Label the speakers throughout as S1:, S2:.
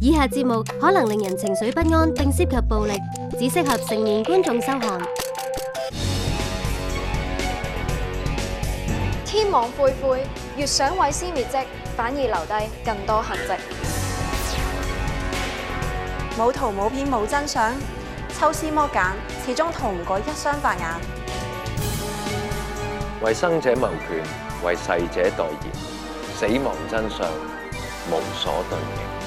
S1: 以下節目可能令人情緒不安，並涉及暴力，只適合成年觀眾收看。
S2: 天網
S3: 恢恢，越想毀屍滅跡，反而留低更多痕跡。冇圖冇片冇真相，抽絲剝繭，始終逃唔過一雙法眼。
S4: 為生者謀權，為逝者代言，死亡真相無所遁形。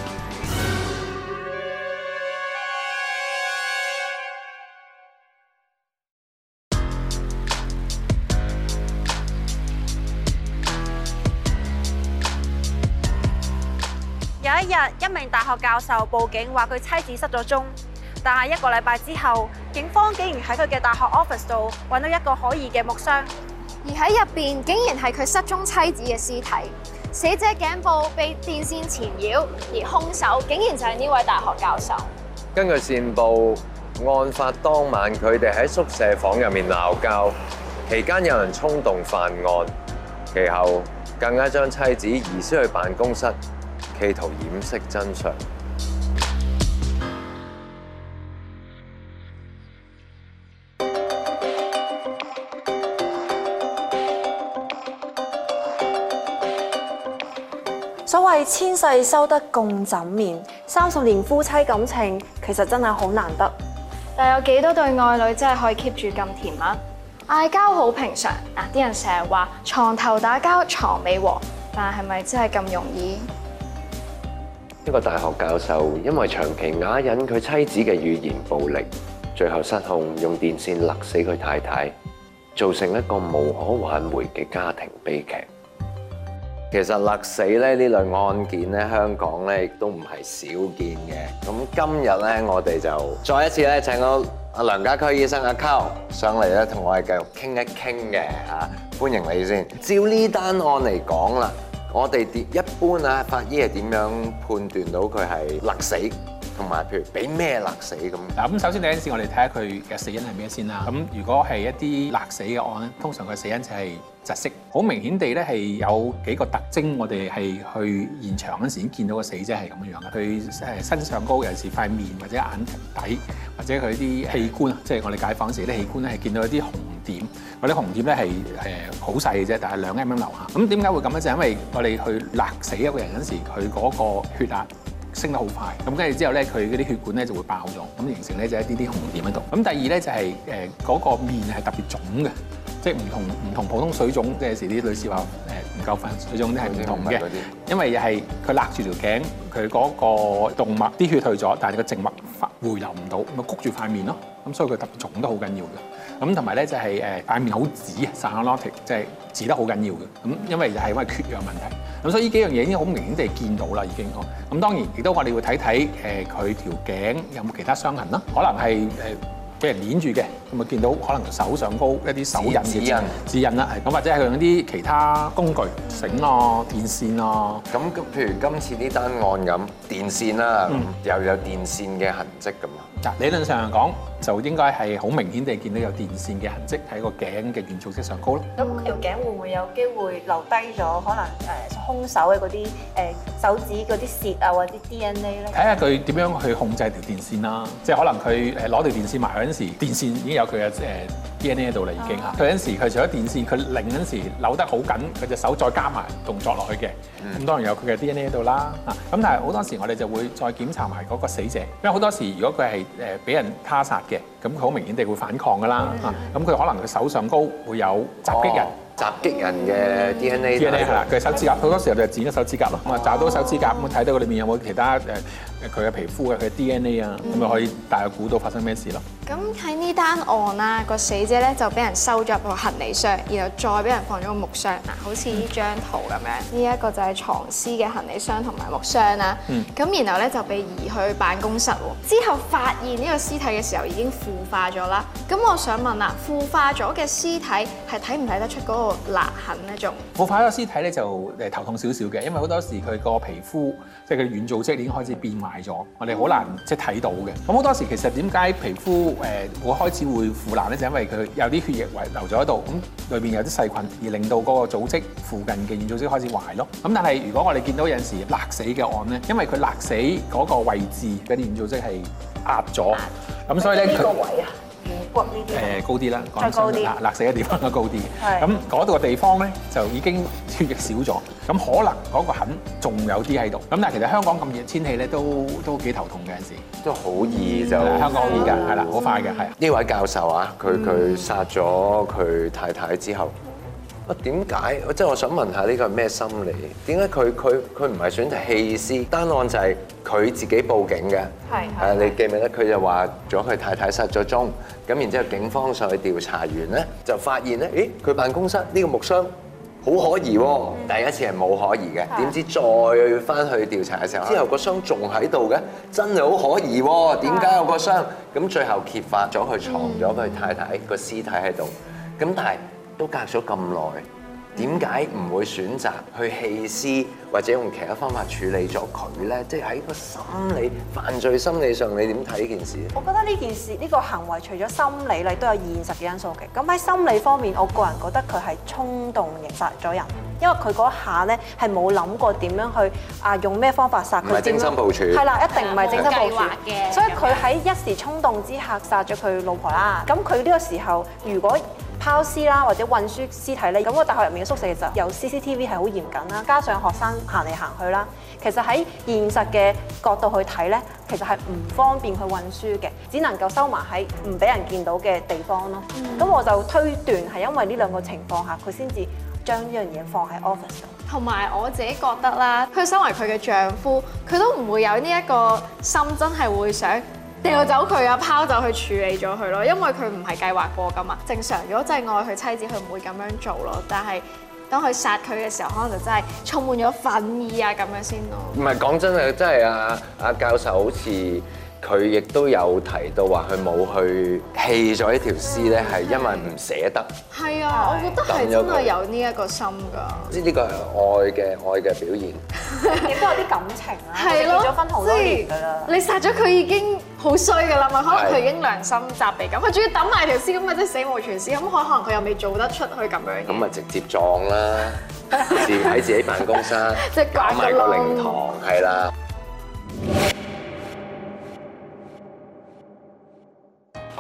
S3: 有一日，一名大學教授報警話佢妻子失咗蹤，但係一個禮拜之後，警方竟然喺佢嘅大學 office 度搵到一個可疑嘅木箱，
S2: 而喺入邊竟然係佢失蹤妻子嘅屍體，死者頸部被電線纏繞，而兇手竟然就係呢位大學教授。
S4: 根據線報，案發當晚佢哋喺宿舍房入面鬧交，期間有人衝動犯案，其後更加將妻子移屍去辦公室。企圖掩飾真相。
S3: 所謂千世修得共枕眠，三十年夫妻感情其實真係好難得。但有幾多對愛侶真
S2: 係可以 keep 住咁甜吖？嗌交好平常，嗱啲人成日話床頭打交床尾和，但係咪真係咁容易？
S4: 一個大學教授因為長期啞忍佢妻子嘅語言暴力，最後失控用電線勒死佢太太，造成一個無可挽回嘅家庭悲劇。 其實勒死咧呢類案件咧，香港咧亦都唔係少見嘅。咁今日咧，我哋就再一次咧，請到阿梁家駒醫生阿 Carl 上嚟咧，同我哋繼續傾一傾嘅吓，歡迎你先。照呢單案嚟講啦。我哋一般啊，法醫係點樣判斷到佢係勒死？同埋譬如俾咩勒死咁？
S1: 嗱，咁首先第一件事，我哋睇下佢嘅死因係咩先啦。咁如果係一啲勒死嘅案咧，通常佢死因就係窒息。好明顯地咧，係有幾個特徵，我哋係去現場嗰陣時見到個死者係咁樣樣嘅。佢誒身上高，有時塊面或者眼底，或者佢啲器官，即係我哋解剖嗰時啲器官咧係見到一啲紅點。嗰啲紅點咧係誒好細嘅啫，但係兩釐米留下。咁點解會咁咧？就係因為我哋去勒死一個人嗰時，佢嗰個血壓，升得好快，咁跟住之後咧，佢嗰啲血管咧就會爆咗，咁形成咧就一啲啲紅點喺度。咁第二咧就係誒嗰個面係特別腫嘅，即係唔同唔同普通水腫。即係有時啲女士話誒唔夠瞓水腫啲係唔同嘅，因為又係佢勒住條頸，佢嗰個動脈啲血退咗，但係佢個靜脈發回流唔到，咪谷住塊面咯。咁所以佢特別重都好緊要嘅，咁同埋咧就係誒塊面好紫，cyanotic，即係紫得好緊要嘅，咁因為就係因為缺氧問題，咁、嗯、所以呢幾樣嘢已經好明顯地見到啦，已經哦。咁、嗯、當然亦都我哋會睇睇誒佢條頸有冇其他傷痕啦，可能係誒俾人捏住嘅，咁啊見到可能手上高一啲手印嘅指紫印啦，咁或者係用一啲其他工具、繩咯、電線咯。咁譬如今次呢單案咁。電線啦、啊，嗯、又有電線嘅痕跡咁啊！理論上嚟講，就應該係好明顯地見到有電線嘅痕跡喺個頸嘅組織之上高咯。咁條
S3: 頸會唔會有機會留低咗可能誒兇手嘅嗰啲誒手指嗰啲屑啊，或者 D N A 咧？睇
S1: 下佢點樣去控制條電線啦，嗯、即係可能佢誒攞條電線埋嗰陣時，電線已經有佢嘅誒。呃 DNA 喺度啦，已經嚇。佢嗰陣時，佢除咗電線，佢擰嗰陣時扭得好緊，佢隻手再加埋動作落去嘅。咁、mm. 當然有佢嘅 DNA 喺度啦。嚇，咁但係好多時我哋就會再檢查埋嗰個死者，因為好多時如果佢係誒俾人他殺嘅，咁佢好明顯地會反抗㗎啦。嚇、mm. 啊，咁佢可能佢手上高會有襲擊人、oh. 襲擊人嘅 DNA 係。DNA 係啦，佢手指甲好多時候就剪咗手指甲咯，咁啊找到手指甲，咁睇、oh. 到佢裏面有冇其他誒。佢嘅皮膚啊，佢嘅 DNA 啊，咁咪可以大概估到發生咩事咯。
S2: 咁喺呢單案啦，個死者咧就俾人收咗入個行李箱，然後再俾人放咗個木箱啊，好似呢張圖咁樣。呢、這、一個就係藏屍嘅行李箱同埋木箱啦。咁、嗯、然後咧就被移去辦公室喎。之後發現呢個屍體嘅時候已經腐化咗啦。咁我想問啦，腐化咗嘅屍體係睇唔睇得出嗰個勒痕咧仲？腐化咗
S1: 屍體咧就誒頭痛少少嘅，因為好多時佢個皮膚即係佢軟組織已經開始變壞。壞咗，我哋好難即係睇到嘅。咁好多時其實點解皮膚誒、呃、會開始會腐爛咧？就是、因為佢有啲血液遺留咗喺度，咁裏邊有啲細菌，而令到嗰個組織附近嘅軟組織開始壞咯。咁但係如果我哋見到有陣時勒死嘅案咧，因為佢勒死嗰個位置嘅軟組織係壓咗，咁壓、啊、所以咧呢這這個位
S3: 啊，軟骨呢啲誒
S1: 高啲啦，再高啲，勒死嘅地方都高啲。咁嗰度嘅地方咧就，對、嗯、就已經。血液少咗，咁可能嗰個痕仲有啲喺度。咁但係其實香港咁熱嘅天氣咧，都都幾頭痛嘅陣時。都
S4: 好易就香港易㗎係啦，好快嘅係。呢位教授啊，佢佢殺咗佢太太之後，啊點解？即係我想問下呢個係咩心理？點解佢佢佢唔係選擇棄屍？單案就係佢自己報警嘅。係係。誒你記唔記得？佢就話咗佢太太失咗蹤。咁然之後警方上去調查完咧，就發現咧，誒佢辦公室呢個木箱。好可疑喎！第一次係冇可疑嘅，點知再翻去調查嘅時候，之後個箱仲喺度嘅，真係好可疑喎！點解有個箱？咁對 最後揭發咗佢藏咗佢太太個屍體喺度，咁但係都隔咗咁耐。點解唔會選擇去棄屍或者用其他方法處理咗佢呢？即係喺個心理犯罪心理上，你點睇呢件事？
S3: 我覺得呢件事呢個行為，除咗心理，你都有現實嘅因素嘅。咁喺心理方面，我個人覺得佢係衝動刑殺咗人，因為佢嗰下呢，係冇諗過點樣去啊用咩方法殺佢？唔係精心部署。係啦，一定唔係精心部署嘅。所以佢喺一時衝動之下殺咗佢老婆啦。咁佢呢個時候，如果拋屍啦，或者運輸屍體呢。咁個大學入面嘅宿舍其實有 C C T V 係好嚴謹啦，加上學生行嚟行去啦，其實喺現實嘅角度去睇呢，其實係唔方便去運輸嘅，只能夠收埋喺唔俾人見到嘅地方咯。咁、嗯、我就推斷係因為呢兩個情況下，佢先至將呢樣嘢放喺 office 度。同埋
S2: 我自己覺得啦，佢身為佢嘅丈夫，佢都唔會有呢一個心，真係會想。掉走佢啊，拋走去處理咗佢咯，因為佢唔係計劃過噶嘛。正常，如果真係愛佢妻子，佢唔會咁樣做咯。但係當佢殺佢嘅時候，可能就真係充滿咗憤意啊咁樣先咯。
S4: 唔係講真，真啊，真係阿阿教授好似。佢亦都有提到話，佢冇去棄咗呢條屍咧，係因為唔捨得。
S2: 係啊，我覺得係真係有呢一個心㗎。即
S4: 呢個係愛嘅愛嘅表現，
S3: 亦都有啲感情啊。係咯，分好多
S2: 年㗎啦。你殺咗佢已經好衰㗎啦嘛，可能佢已經良心責備咁，佢仲要抌埋條屍咁啊，即死無全屍咁，可能佢又未做得出去咁樣。
S4: 咁咪直接撞啦，住喺自己辦公室，
S2: 抌埋個靈堂，
S4: 係啦。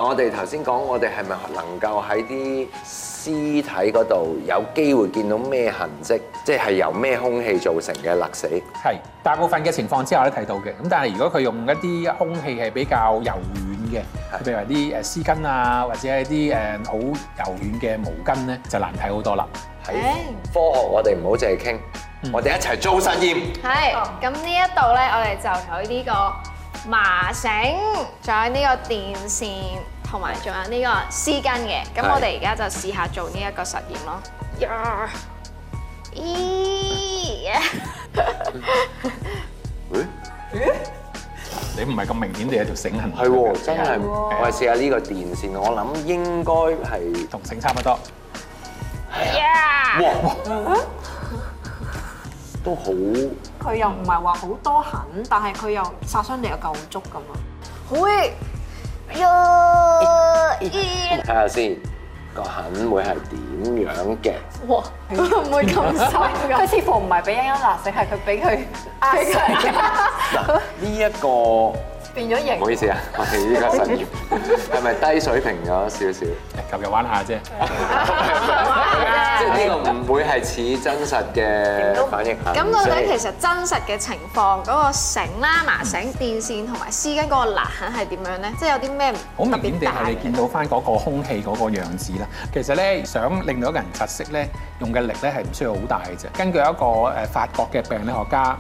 S4: 我哋頭先講，我哋係咪能夠喺啲屍體嗰度有機會見到咩痕跡？即係由咩空氣造成嘅勒死？係
S1: 大部分嘅情況之下都睇到嘅。咁但係如果佢用一啲空氣係比較柔軟嘅，是譬如話啲誒絲巾啊，或者係啲誒好柔軟嘅毛巾咧，就難睇好多啦。喺 Hey. 科學，我哋唔好淨係傾，我哋一齊
S4: 做實驗。
S2: 係咁呢一度咧，我哋就有呢個麻繩，仲有呢個電線。同埋仲有呢個絲巾嘅，咁我哋而家就試下做呢一個實驗咯。咦？咦？
S4: 你唔係咁明顯地有條繩痕，係喎，真係。我哋試下呢個電線，我諗
S2: 應
S1: 該係同繩差不多。
S3: 呀！
S1: 都好。
S3: 佢又唔係話好多痕，但係佢又殺傷力又夠足咁啊！好。睇下
S4: 先，yeah, yeah. 看看那個痕會係點樣嘅？
S3: 哇，會唔會咁深㗎？佢似乎唔係俾欣欣難食，係佢俾佢壓傷。
S4: 呢一個變咗型，唔 好意思啊，我哋依家實驗，係咪 低水平咗少少？嚟 今日玩下啫。 呢個唔會係似真實嘅反應。咁到底其實
S2: 真實嘅情況，嗰個繩啦、麻繩、電線同埋絲巾嗰個勒痕係點樣咧？即係有啲咩
S1: 好明顯地係你見到翻嗰個空氣嗰個樣子啦。其實咧，想令到一個人窒息咧，用嘅力咧係唔需要好大嘅啫。根據一個誒法國嘅病理學家。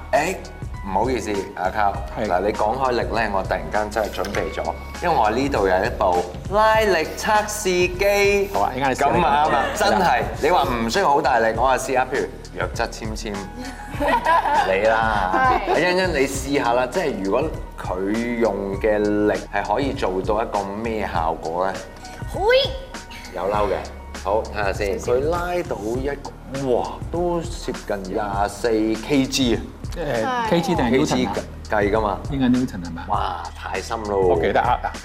S1: 唔好意思，阿卡。係，嗱你講
S4: 開力咧，我突然間真係準備咗，因為我呢度有一部拉力測試機，好啊，依家、嗯、你試。咁啱啊，真係，你話唔需要好大力，我話試下，譬如弱質纖纖你啦，欣欣你試下啦，即係如果佢用嘅力係可以做到一個咩效果
S2: 咧？
S4: 有嬲嘅，好，睇下先。佢拉到一個，哇，都接近廿四 kg 啊！
S1: 誒 kg 定係牛頓啊？公
S4: 斤計㗎嘛？應該牛頓
S1: 係嘛？哇！太深咯～OK，得啊
S3: ～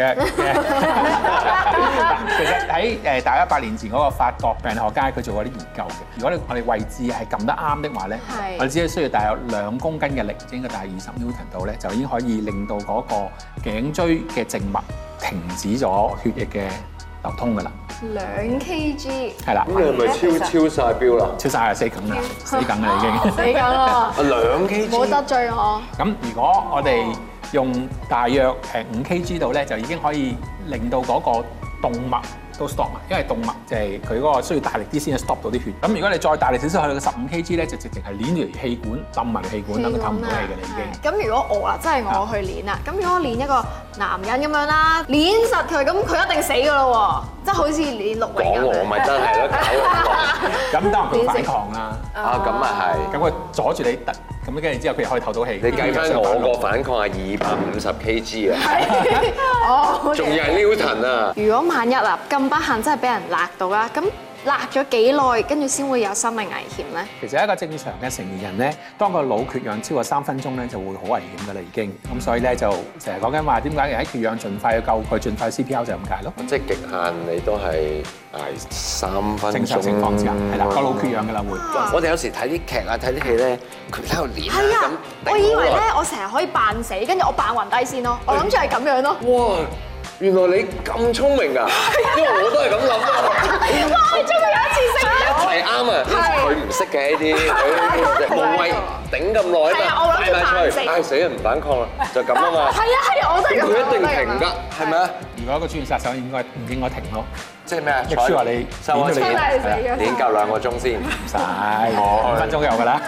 S3: 其實喺
S1: 誒大家百年前嗰個法國病理學家，佢做過啲研究嘅。如果你我哋位置係撳得啱的話咧，是我哋只係需要大約兩公斤嘅力，應該大約二十牛頓度咧，就已經可以令到嗰個頸椎嘅靜脈停止咗血液嘅。流通噶啦，
S2: 兩 kg 係啦，咁你咪超實超
S1: 晒標啦，超晒曬死梗啦，死梗啦已經死梗啦！兩 kg 唔好得
S2: 罪我。
S1: 咁如果我哋用大約誒五 kg 度咧，就已經可以令到嗰個動物。都 stop 因為動物就係佢嗰個需要大力啲先至 stop 到啲血。咁如果你再大力少少，佢嘅十五 Kg 咧就直情係捻住氣管、浸埋氣管，等佢透唔到氣嘅你已
S2: 經。咁如果我啦，即係我的去捻啦，咁如果我捻一個男人咁樣啦，捻實佢，咁佢一定死㗎啦喎。即係好似你六圍嘅，我咪真係咯，咁得唔得反抗啊？啊，咁啊
S1: 係，咁啊阻住你突，咁跟住之後佢可以透到氣。你計翻我個反抗係二百
S4: 五十 kg 啊！
S2: 哦，仲要係牛頓啊！如果萬一啊，咁不幸真係俾人勒到啊，咁。辣咗幾耐，跟住先會有生命危險咧？
S1: 其實一個正常嘅成年人咧，當個腦缺氧超過三分鐘咧，就會好危險㗎喇，已經咁，所以咧就成日講緊話，點解人喺缺氧，盡快要救佢，盡快 CPR 就咁解咯。嗯、即係極限，你都
S4: 係捱三分鐘。正常情況之下，係啦、嗯，個腦缺氧㗎喇會。我哋有時睇啲劇啊，睇啲戲咧，佢喺度練。係啊，我以為咧，我
S2: 成日可以扮死，跟住我扮暈低先咯，我諗住係咁樣咯。
S4: 原來你咁
S2: 聰明噶， 因為我都係咁諗㗎。哇！你終於有一次
S4: 成功，一齊啱啊！佢唔識嘅呢啲，她無謂頂咁耐，係咪？死唔反抗啦，就咁啊嘛。係啊，係 我都咁諗嘅。佢一定停㗎，
S1: 係咪啊？的的如果個專業殺手應該唔應該停咯？即係咩啊？即係話你收好你，已經夠兩個鐘先，唔使，五分鐘有㗎啦。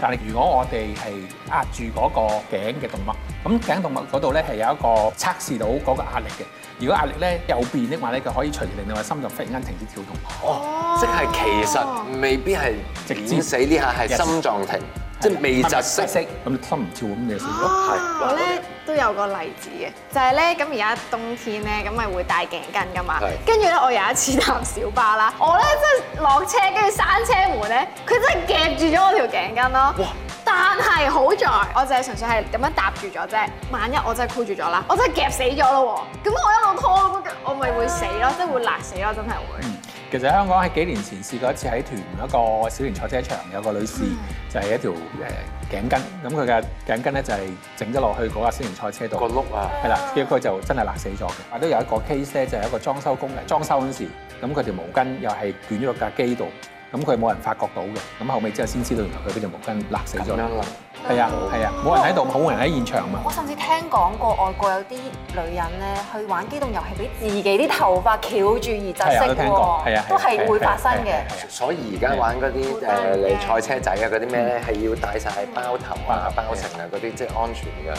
S1: 但係如果我哋係壓住嗰個頸嘅動脈，咁頸動脈嗰度咧係有一個測試到嗰個壓力嘅。如果壓力咧有變的話咧，佢可以隨便令到個心就忽然間停止跳動。哦，
S4: 即係其實未必係直接死呢下，係心臟停，即係未窒息。咁心唔跳咁嘢算咯。係。
S2: 都有個例子嘅，就係咧咁而家冬天咧咁咪會戴頸巾㗎嘛。跟住咧我有一次搭小巴啦，我咧即係落車跟住閂車門咧，佢真係夾住咗我條頸巾咯。哇！但係好在我就係純粹係咁樣搭住咗啫。萬一我真係箍住咗啦，我真係夾死咗咯喎！咁我一路拖咁我咪會死咯，啊、即係會辣死咯，真係會。嗯
S1: 其實香港喺幾年前試過一次，喺屯門一個小型賽車場，有個女士就係、是、一條誒頸巾，咁佢嘅頸巾咧就係整咗落去嗰個小型賽車度個碌啊係啦，結果佢就真係勒死咗嘅。都有一個 case 就係一個裝修工人裝修嗰時，咁佢條毛巾又係捲咗落架機度，咁佢冇人發覺到嘅，咁後尾之後先知道原來佢嗰條毛巾勒死咗。嗯係啊，係啊，冇人喺度，冇我人喺現場啊嘛。我
S3: 甚至聽講過外國有啲女人咧，去玩機動遊戲，俾自己啲頭髮翹住而窒息喎。係啊，聽過都係會發生嘅。
S4: 所以而家玩嗰啲誒賽車仔啊，嗰啲咩咧，係要帶晒包頭啊、包成啊嗰啲，即係的、就是、安全㗎。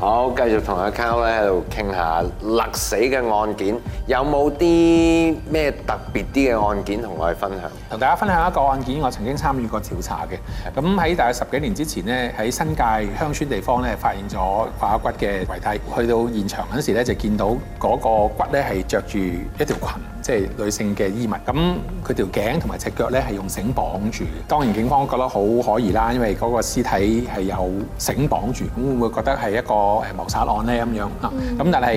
S4: 好，繼續同阿 Carrie 喺度傾下勒死嘅案件，有冇啲
S1: 咩特別啲嘅案件同我哋分享？同大家分享一個案件，我曾經參與過調查嘅。咁喺大概十幾年之前呢喺新界鄉村地方咧發現咗化骨嘅遺體。去到現場嗰時咧，就見到嗰個骨咧係着住一條裙。即係女性嘅衣物，咁佢條頸同埋隻腳咧係用繩綁住。當然警方覺得好可疑啦，因為嗰個屍體係有繩綁住，咁會唔會覺得係一個誒謀殺案咧咁樣吓。咁但係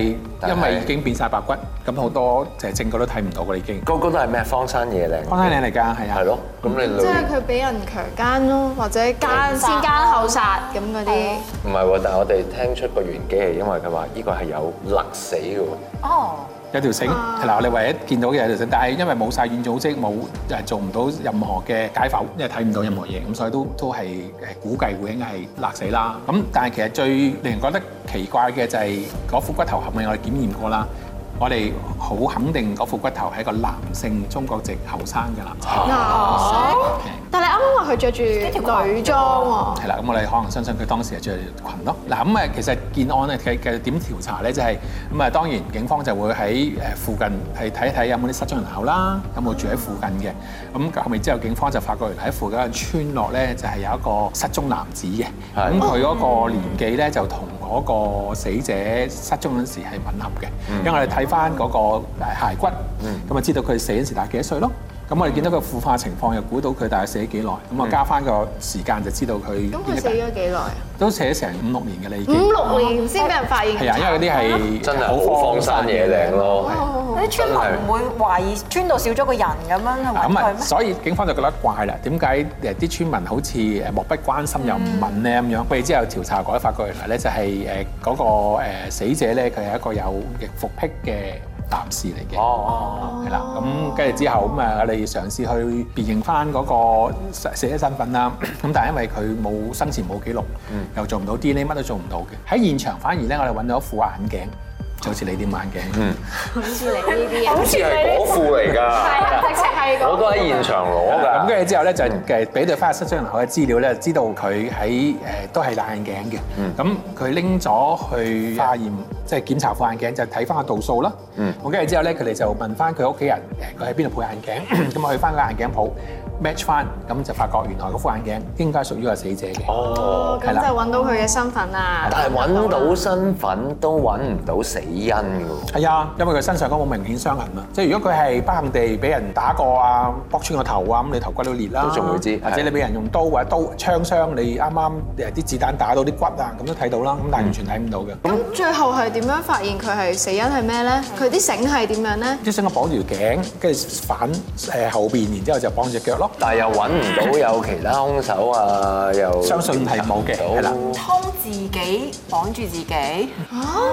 S1: 因為已經變晒白骨，咁好多誒證據都睇唔到㗎已經。個個都係咩？荒山野嶺，荒山野嶺嚟㗎，係啊。係咯，咁你女即係佢俾人強姦咯，
S2: 或者姦先姦後殺咁
S1: 嗰啲。唔係喎，但係我哋聽出個玄機係因為佢話呢個係有勒死㗎喎。哦。有條
S4: 繩，
S3: 嗱，我哋唯
S1: 一見到嘅有條繩，但係因為冇晒軟組織，冇誒做唔到任何嘅解剖，因為睇唔到任何嘢，咁所以都都係誒估計會應該係勒死啦。咁但係其實最令人覺得奇怪嘅就係、係、嗰副骨頭，係咪，我哋檢驗過啦。我哋好肯定嗰副骨頭係一個男性中國籍後生嘅男仔。
S2: 嗱，但係你啱啱話佢著住一條女裝喎。
S1: 係啦，咁我哋可能相信佢當時係著裙咯。嗱，咁誒其實件案咧繼續點調查咧，就係咁誒。當然警方就會喺誒附近係睇一睇有冇啲失蹤人口啦，有冇住喺附近嘅。咁後面之後，警方就發覺原來喺附近嘅村落咧，就係有一個失蹤男子嘅。咁佢嗰個年紀咧就同。嗰個死者失蹤嗰陣時係吻合嘅，嗯、因為我哋睇翻嗰個骸骨，咁啊、嗯、知道佢死嗰陣時大幾多歲咯。咁我哋見到個腐化情況，又估到佢大概死幾耐，咁啊加翻個時間就知道佢。咁佢死咗幾耐？都死咗成五六年嘅啦已經。五六
S3: 年先俾人發現嘅，係啊，因為嗰啲係
S1: 真係好荒山野嶺咯。
S3: 啲村民唔會懷疑村度少咗個人咁樣去懷
S1: 疑咩？所以警方就覺得怪啦，點解誒啲村民好似誒漠不關心又唔問呢？咁樣？我哋之後調查改發過嚟咧，就係誒嗰個死者咧，佢係一個有易服癖嘅。男士嚟嘅，係啦，咁跟住之後，咁啊，我哋嘗試去辨認翻嗰個死者身份啦。咁但係因為佢冇生前冇記錄，mm. 又做唔到 DNA，乜都做唔到嘅。喺現場反而咧，我哋揾到一副眼鏡。就好似你啲眼鏡，
S2: 嗯，好似你呢啲啊，好似係攞
S4: 副嚟㗎，
S1: 係， 直情
S2: 係、那個、 我都喺現場
S1: 攞㗎。咁跟住之後咧，就嘅俾對翻失蹤人口嘅資料咧，知道佢喺誒都係戴眼鏡嘅。咁佢拎咗去化驗，即係、嗯、檢查副眼鏡，就睇翻個度數咯。咁跟住之後咧，佢哋就問翻佢屋企人，誒佢喺邊度配眼鏡，咁啊、嗯、去翻個眼鏡鋪，match 翻，咁就發覺原來嗰副眼鏡應該屬於係死者嘅。哦，咁就揾到佢嘅身
S2: 份啦。但係揾
S1: 到身份都揾唔到死因㗎喎。係啊，因為佢身上嗰冇明顯傷痕啊，即係如果佢係不幸地俾人打過啊，剝穿個頭啊，咁你頭骨都裂啦。都仲會知。或者你俾人用刀或者刀槍傷，你啱啱誒啲子彈打到啲骨啊，咁都睇到啦。咁但係完全睇唔到嘅。咁最後係點樣發現佢係死因
S2: 係咩咧？佢啲繩係
S1: 點樣咧？啲繩啊，綁住條頸，跟住反誒後邊，然之後就綁隻腳咯。但係又揾唔到有其他兇手啊！又相信係冇嘅，係啦，
S3: 通自己綁住自己嚇。啊。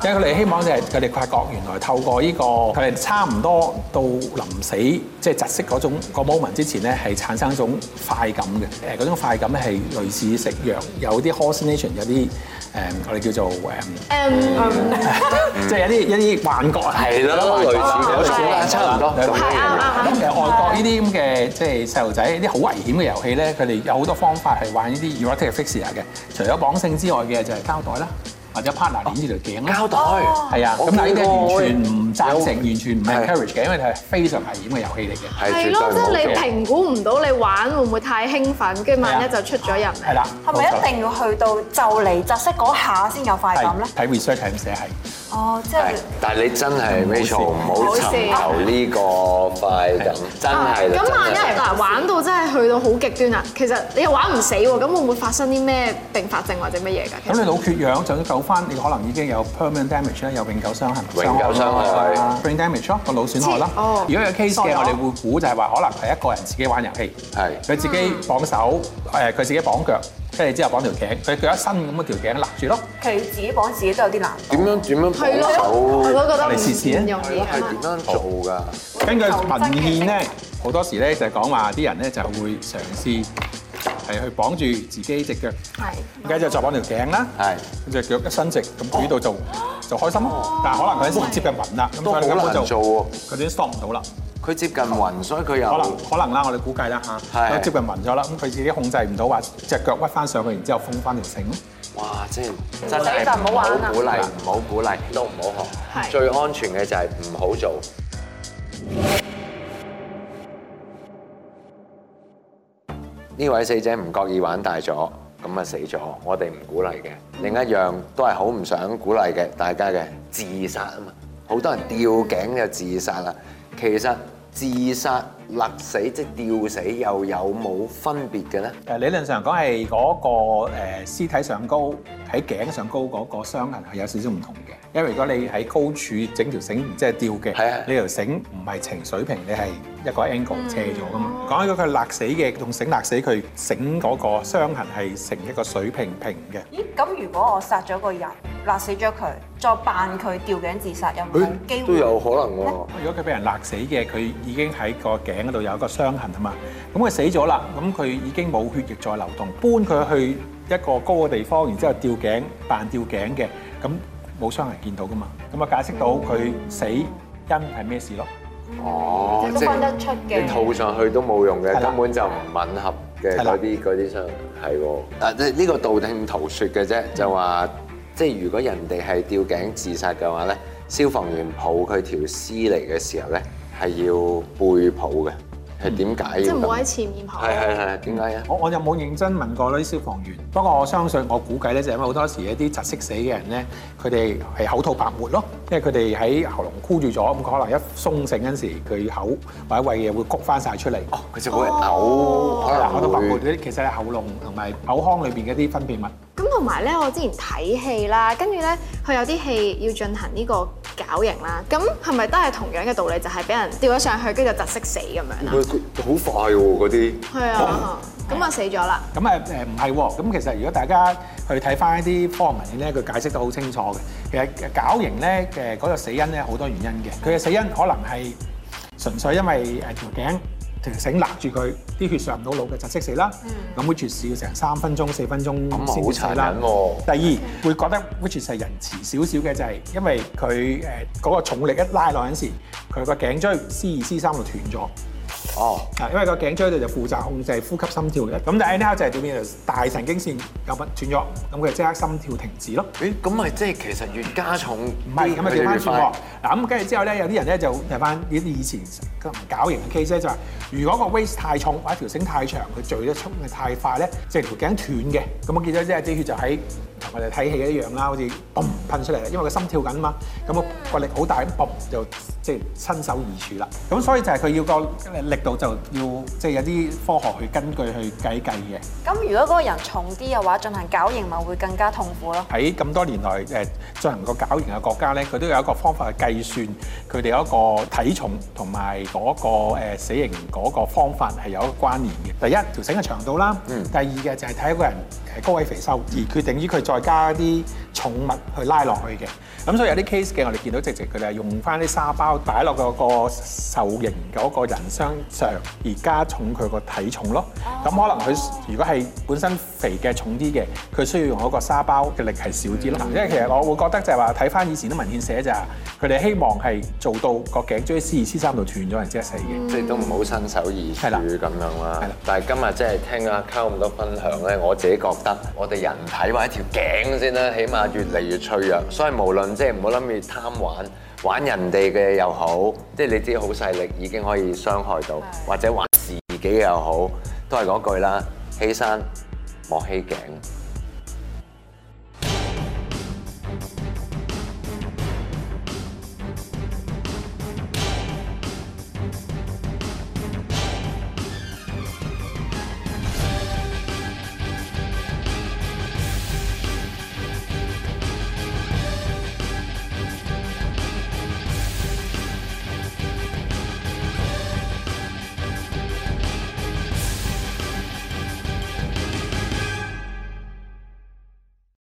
S1: 即係佢哋希望就係佢哋發覺，原來透過呢個佢哋差唔多到臨死，即係窒息嗰種個 moment 之前咧，係產生一種快感嘅。誒嗰種快感咧係類似食藥，有啲 hallucination，有啲誒我哋叫做誒即係有啲一啲幻覺係咯，類似嘅，有少少差唔多。係啊，咁其實外國呢啲咁嘅即係細路仔啲好危險嘅遊戲咧，佢哋有好多方法係玩呢啲 erotic asphyxia 嘅。除咗綁性之外嘅就係膠袋啦。或者 partner 攤住條頸咧，交代係啊，咁但係呢啲完全唔贊成，完全唔 encourage 嘅，因為係非常危險嘅遊戲嚟嘅。係咯，即係你評
S3: 估唔到你玩會唔會太興奮，跟住萬一就出咗人。係啦，係咪一定要去到就嚟窒息嗰下先有快感咧？
S1: 睇 research 先先係。
S3: 哦，即係，
S4: 但係你真係冇錯？唔好尋求呢個快感，真係。咁萬一嗱
S2: 玩到真係去到好極端啊，其實你又玩唔死喎，咁會唔會發生啲咩併發症或者乜嘢㗎？咁
S1: 你腦缺氧，就算救翻，你可能已經有 permanent damage 啦，有永久傷害係咪？永久傷害啦，brain damage 咯，個腦損害啦。
S2: 哦。如果有 case 嘅，我哋
S1: 會估就係話，可能係一個人自己玩遊戲，係佢自己綁手，誒佢自己綁腳。即係之後綁條頸，佢腳一伸咁啊，條頸立住咯。佢
S3: 自己綁自己都有啲難。點樣點樣？係咯，係咯，我覺得。你試試啊！用試下
S1: 啊。係點樣做噶？根據文獻咧，好多時咧就係講話啲人咧就會嘗試係去綁住自己隻腳，係，跟住就再綁條頸啦，係，跟住腳一伸直，咁舉到就就開心咯。但係可能佢一接近暈啦，咁佢根本就佢哋都 stop 唔到啦。佢接近暈，所以佢有可能可能啦。我哋估計啦嚇，都接近暈咗啦。咁佢自己控制唔到，話隻腳屈翻上去，然之後封翻條繩。哇！即係
S3: 實在就唔好玩啦。唔好鼓勵，唔
S1: 好鼓勵，都唔好學。
S4: 最安全嘅就係唔好做。呢位死者唔覺意玩大咗，咁啊死咗。我哋唔鼓勵嘅。另一樣都係好唔想鼓勵嘅，大家嘅自殺啊嘛。好多人吊頸就自殺啦。其實。自殺勒死即係吊死又有冇分別嘅咧？
S1: 誒理論上講係嗰個誒，屍體上高喺頸上高嗰個傷痕係有少少唔同嘅，因為如果你喺高處整條繩，即係吊嘅，是是是你條繩唔係呈水平，你係一個 angle 斜咗嘅嘛。講起佢勒死嘅同繩勒死佢繩嗰個傷痕係成一個水平平嘅。
S3: 咦？咁如果我殺咗個人？勒死咗佢，再扮佢吊頸自殺，有
S1: 冇機會？都有可能喎。如果佢俾人勒死嘅，佢已經喺個頸嗰度有一個傷痕啊嘛。咁佢死咗啦，咁佢已經冇血液再流動，搬佢去一個高嘅地方，然之後吊頸扮吊頸嘅，咁冇傷痕見到噶嘛。咁啊解釋到佢死因係咩事咯？哦，即係都翻得出嘅。你套上
S4: 去都冇用嘅，根本就唔吻合嘅，嗰啲嗰啲傷。係喎。啊，即係呢個道聽途説嘅啫，就話。即係如果人哋係吊頸自殺嘅話咧，消防員抱佢條屍嚟嘅時候咧，係要背抱嘅，係點解即係唔好
S2: 喺
S1: 前面抱。係係係，點解呀？我我又冇認真問過啲消防員。不過我相信，我估計咧就係因為好多時一啲窒息死嘅人咧，佢哋係口吐白沫咯，因為佢哋喺喉嚨箍住咗，咁可能一鬆醒嗰時，佢口或者胃嘢會谷翻晒出嚟。就會哦，佢先好易嘔。嗱，口吐白沫嗰啲，其實係喉嚨同埋口腔裏邊嘅啲分泌
S2: 物。同埋咧，我之前睇戲啦，跟住咧，佢有啲戲要進行呢個絞刑啦。咁係咪都係同樣嘅道理？就係、是、俾人吊咗上去，跟住就窒息死咁
S1: 樣啊？好快喎！嗰啲
S2: 係啊，咁、嗯、啊、嗯嗯、死咗啦。
S1: 咁啊誒唔係喎。咁、呃、其實如果大家去睇翻一啲科學文獻咧，佢解釋得好清楚嘅。其實絞刑咧嘅嗰個死因咧好多原因嘅。佢嘅死因可能係純粹因為誒條頸條繩勒住佢。啲血上唔到腦嘅窒息死啦。咁、嗯、which 是要成三分鐘、四分鐘先、嗯、死啦。啊、第二的會覺得 which is 人慈小小小、就是人遲少少嘅就係，因為佢誒嗰個重力一拉落嗰陣時，佢個頸椎 C 二 C 三就斷咗。哦，啊，因為個頸椎度就負責控制呼吸、心跳嘅，咁但係呢個就係點樣？大神經線有不斷咗，咁佢就即刻心跳停止咯。誒，咁咪即係其實是是越加重唔係咁咪調翻轉喎，嗱，咁跟住之後咧，有啲人咧就係翻以前個搞型嘅 case 咧，就話、是、如果個 weight 太重，或者條繩太長，佢聚得速係太快咧，成條頸斷嘅。咁我見到即係啲血就喺。同我哋睇戲一樣啦，好似嘣噴出嚟，因為佢心跳緊嘛，咁個力好大，嘣就即係伸手而處啦。咁所以就係佢要個力度就要即係有啲科學去根據去計計嘅。
S3: 咁如果嗰個人重啲嘅話，進行絞刑咪會更加痛苦咯。
S1: 喺咁多年來誒進行個絞刑嘅國家咧，佢都有一個方法去計算佢哋一個體重同埋嗰個誒死刑嗰個方法係有一個關聯嘅。第一條繩嘅長度啦，第二嘅就係睇一個人誒高位肥瘦而決定於佢。再加一啲。重物去拉落去嘅，咁所以有啲 case 嘅，嗯、我哋見到直直佢哋係用翻啲沙包擺落個個受刑嗰個人身上，而加重佢個體重咯。咁可能佢如果係本身肥嘅重啲嘅，佢需要用嗰個沙包嘅力係少啲啦。因為其實我會覺得就係話睇翻以前啲文獻寫就係，佢哋希望係做到個頸椎 C 二、C 三度斷咗人即係死嘅，即係都唔好親手而處咁對了 樣啦。對
S4: 了 但係今日即係聽阿溝咁多分享咧，我自己覺得我哋人體或一條頸先啦，起碼。越嚟越脆弱，所以無論即係唔好諗住貪玩玩人哋嘅又好，即係你自己好勢力已經可以傷害到，是的 或者玩自己又好，都係嗰句啦，欺山莫欺頸。